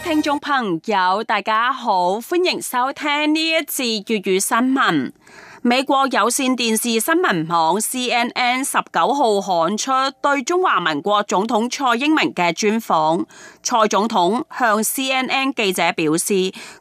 聽眾朋友，大家好，歡迎收聽呢一次粵語新聞。美國有線電視新聞網 C N N 十九號刊出對中華民國總統蔡英文嘅專訪。蔡總統向 C N N 記者表示，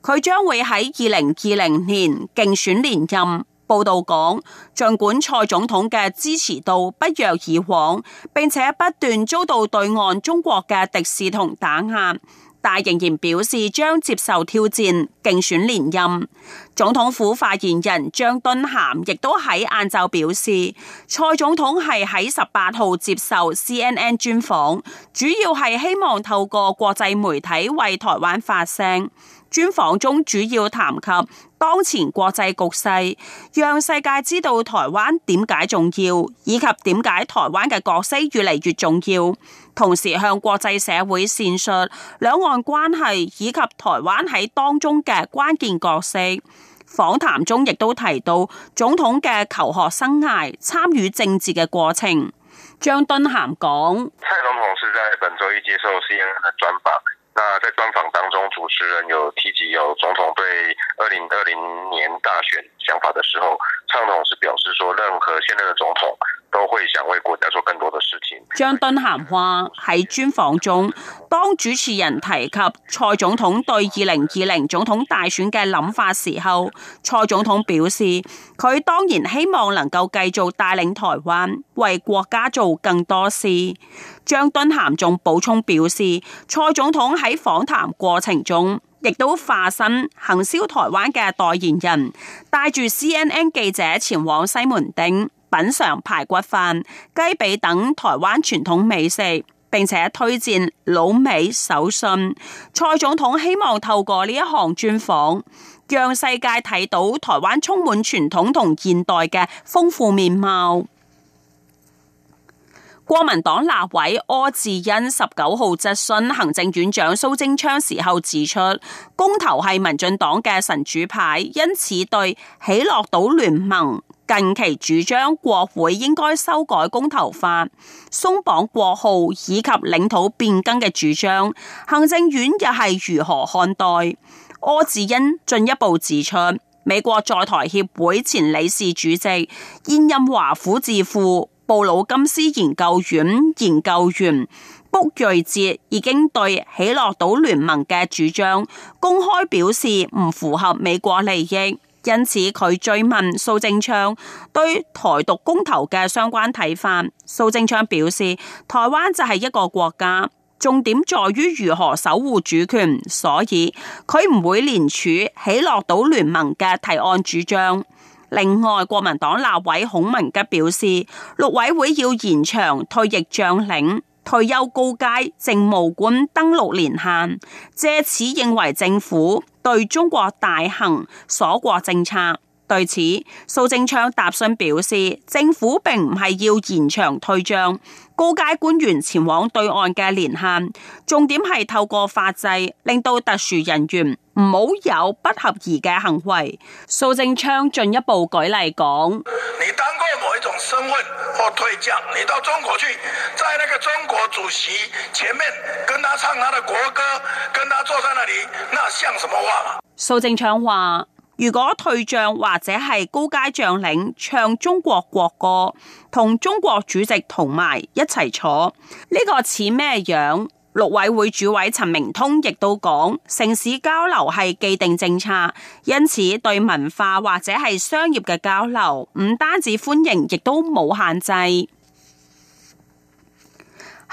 佢將會喺二零二零年競選連任。報道講，盡管蔡總統嘅支持度不若以往，並且不斷遭到對岸中國嘅敵視同打壓，但仍然表示將接受挑戰競選連任。總統府發言人張敦涵亦都喺晏晝表示，蔡總統係喺十八號接受 CNN 專訪，主要係希望透過國際媒體為台灣發聲。專訪中主要談及當前國際局勢，讓世界知道台灣點解重要，以及點解台灣嘅角色越嚟越重要。同時向國際社會闡述兩岸關係以及台灣喺當中嘅關鍵角色。訪談中亦都提到總統嘅求學生涯、參與政治嘅過程。張敦涵講：蔡總統是在本週一接受 CNN 嘅專訪，那在專訪當中主持人有提及有總統對二零二零年大選想法嘅時候，蔡總統是表示說任何現任嘅總統，都會想為國家做更多的事情。張敦涵話喺專訪中，當主持人提及蔡總統對二零二零總統大選嘅諗法時候，蔡總統表示佢當然希望能夠繼續帶領台灣為國家做更多事。張敦涵仲補充表示，蔡總統喺訪談過程中，亦都化身行銷台灣嘅代言人，帶住 CNN 記者前往西門町。品嘗排骨飯、雞髀等台灣傳統美食，並且推薦老美手信。蔡總統希望透過呢一項專訪，讓世界睇到台灣充滿傳統同現代嘅豐富面貌。國民黨立委柯志恩十九號質詢行政院長蘇貞昌時候指出，公投係民進黨嘅神主牌，因此對喜樂島聯盟近期主張國會應該修改公投法、鬆綁國號以及領土變更嘅主張，行政院又係如何看待？柯志恩進一步指出，美國在台協會前理事主席現任華府智庫。布魯金斯研究院研究員卜瑞哲已經對喜樂島聯盟嘅主張公開表示唔符合美國利益，因此佢追問蘇貞昌對台獨公投嘅相關睇法。蘇貞昌表示，台灣就係一個國家，重點在於如何守護主權，所以佢唔會連署喜樂島聯盟嘅提案主張。另外，國民黨立委孔文吉表示，陸委會要延長退役將領、退休高階政務官登陸年限，借此認為政府對中國大行鎖國政策。對此，蘇貞昌答詢表示，政府並唔係要延長退將高階官員前往對岸嘅年限，重點係透過法制令到特殊人員唔好有不合宜嘅行為。蘇貞昌進一步舉例講：你當過某一種身份或退將，你到中國去，在那個中國主席前面跟他唱他的國歌，跟他坐在那裏，那像什麼話？蘇貞昌話。如果退將或者係高階將領唱中國國歌，同中國主席同埋一齊坐，呢、這個似咩樣？陸委會主委陳明通亦都講，城市交流係既定政策，因此對文化或者係商業嘅交流，唔單止歡迎，亦都冇限制。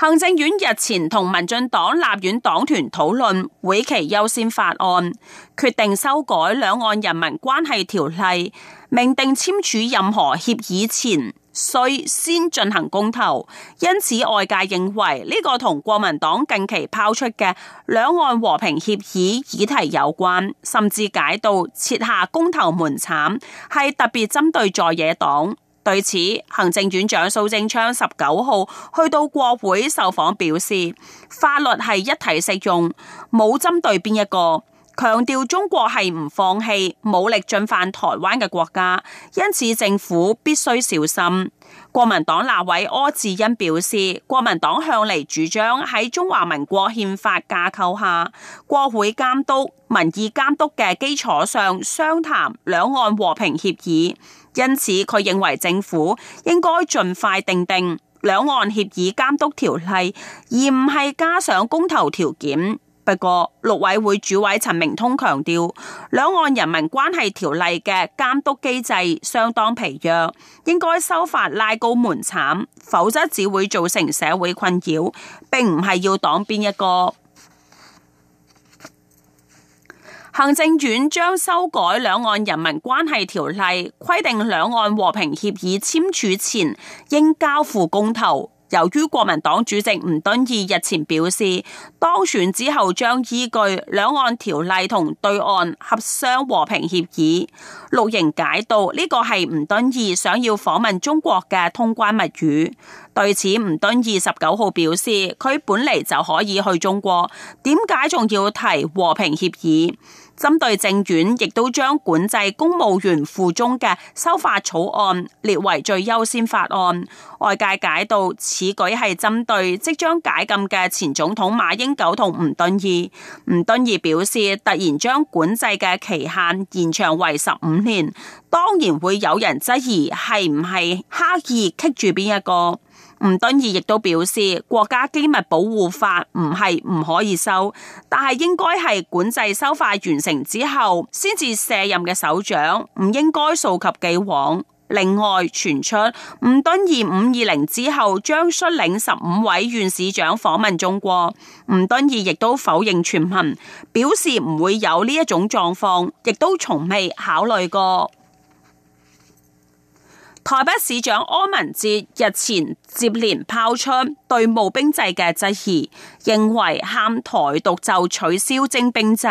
行政院日前同民進黨立院黨團討論會期優先法案，決定修改兩岸人民關係條例，明定簽署任何協議前須先進行公投。因此外界認為呢個同國民黨近期拋出嘅兩岸和平協議議題有關，甚至解讀設下公投門檻係特別針對在野黨。對此，行政院長蘇貞昌十九號去到國會受訪，表示法律係一體適用，冇針對邊一個，強調中國係唔放棄武力進犯台灣嘅國家，因此政府必須小心。國民黨立委柯志恩表示，國民黨向嚟主張喺中華民國憲法架構下，國會監督、民意監督嘅基礎上，商談兩岸和平協議。因此，佢認為政府應該盡快訂定《兩岸協議監督條例》，而唔係加上公投條件。不過，陸委會主委陳明通強調，《兩岸人民關係條例》嘅監督機制相當疲弱，應該修法拉高門檻，否則只會造成社會困擾，並唔係要擋邊一個。行政院將修改兩岸人民關係條例，規定兩岸和平協議簽署前應交付公投。由於國民黨主席吳敦義日前表示當選之後將依據兩岸條例同對岸協商和平協議，綠營解讀呢個係吳敦義想要訪問中國嘅通關密語。對此，吳敦義十九號表示，佢本嚟就可以去中國，點解仲要提和平協議？針對政院亦都將管制公務員附中嘅修法草案列為最優先法案。外界解讀此舉係針對即將解禁嘅前總統馬英九同吳敦義。吳敦義表示，突然將管制嘅期限延長為十五年，當然會有人質疑係唔係刻意棘住邊一個。吳敦義亦都表示，國家機密保護法唔係唔可以修，但係應該係管制修法完成之後，先至卸任嘅首長，唔應該溯及既往。另外傳出吳敦義五二零之後將率領十五位縣市長訪問中國，吳敦義亦都否認傳聞，表示唔會有呢一種狀況，亦都從未考慮過。台北市長柯文哲日前接連拋出對募兵制嘅質疑，認為喊台獨就取消徵兵制。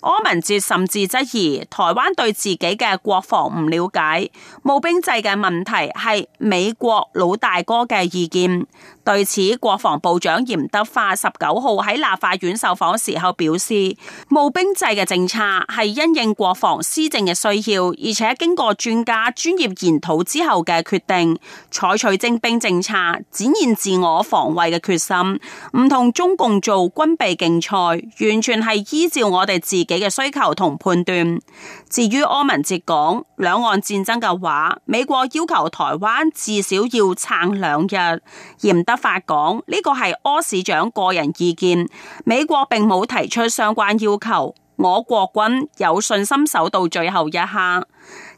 柯文哲甚至質疑台灣對自己嘅國防唔了解，募兵制嘅問題係美國老大哥嘅意見。對此，國防部長嚴德發十九號喺立法院受訪時候表示，募兵制嘅政策係因應國防施政嘅需要，而且經過專家專業研討之後嘅決定，採取徵兵政策展現自我防衛嘅決心，唔同中共做軍備競賽，完全係依照我哋自自己嘅需求同判斷。至於柯文哲講兩岸戰爭嘅話，美國要求台灣至少要撐兩日。嚴德發講，呢個係柯市長個人意見，美國並冇提出相關要求。我國軍有信心守到最後一刻。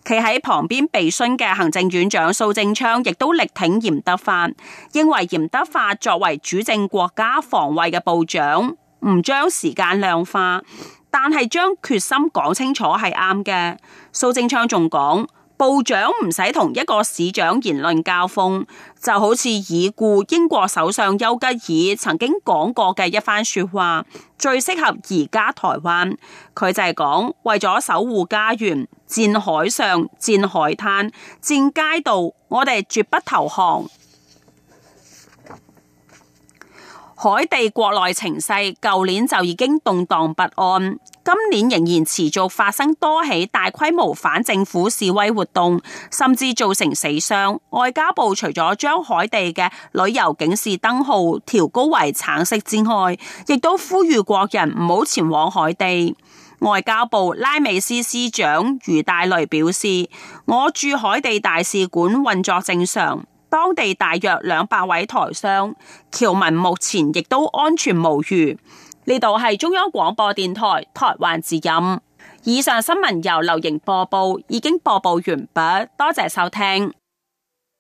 企喺旁邊被詢嘅行政院長蘇貞昌亦都力挺嚴德發，認為嚴德發作為主政國家防衛嘅部長，唔將時間量化。但係將決心講清楚係啱嘅。蘇貞昌仲講，部長唔使同一個市長言論交鋒，就好似已故英國首相丘吉爾曾經講過嘅一番說話，最適合而家台灣。佢就係講，為咗守護家園，戰海上，戰海灘，戰街道，我哋絕不投降。海地國內情勢，舊年就已經動盪不安，今年仍然持續發生多起大規模反政府示威活動，甚至造成死傷。外交部除咗將海地嘅旅遊警示燈號調高為橙色之外，亦都呼籲國人唔好前往海地。外交部拉美司司長余大雷表示，我駐海地大使館運作正常。當地大約兩百位台商僑民目前亦都安全無虞。呢度係中央廣播電台台灣之音。以上新聞由劉瑩播報，已經播報完畢。多謝收聽。